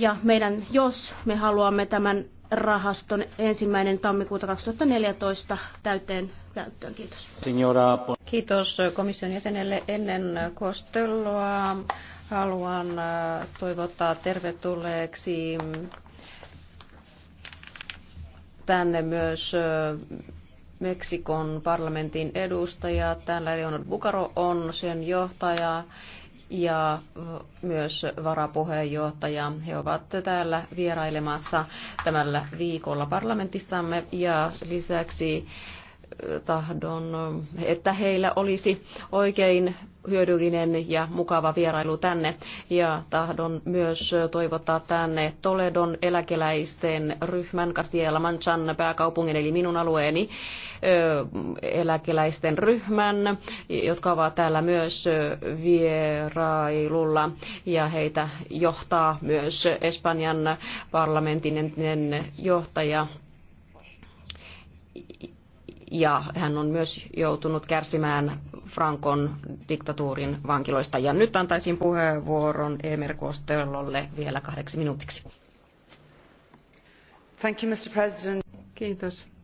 Ja meidän, jos me haluamme tämän rahaston ensimmäinen tammikuuta 2014 täyteen käyttöön. Kiitos. Signora. Kiitos komission jäsenelle ennen kosteloa. Haluan äh, toivottaa tervetulleeksi tänne myös äh, Meksikon parlamentin edustaja. Täällä Leonard Bukaro on sen johtaja ja myös varapuheenjohtaja. He ovat täällä vierailemassa tämällä viikolla parlamentissamme ja lisäksi tahdon, että heillä olisi oikein hyödyllinen ja mukava vierailu tänne. Ja tahdon myös toivottaa tänne Toledon eläkeläisten ryhmän Castilla Manchan pääkaupungin, eli minun alueeni eläkeläisten ryhmän, jotka ovat täällä myös vierailulla ja heitä johtaa myös Espanjan parlamentin johtaja ja hän on myös joutunut kärsimään Frankon diktatuurin vankiloista. Ja nyt antaisin puheenvuoron Emer Kostellolle vielä kahdeksi minuutiksi. Thank you, Mr. President. Kiitos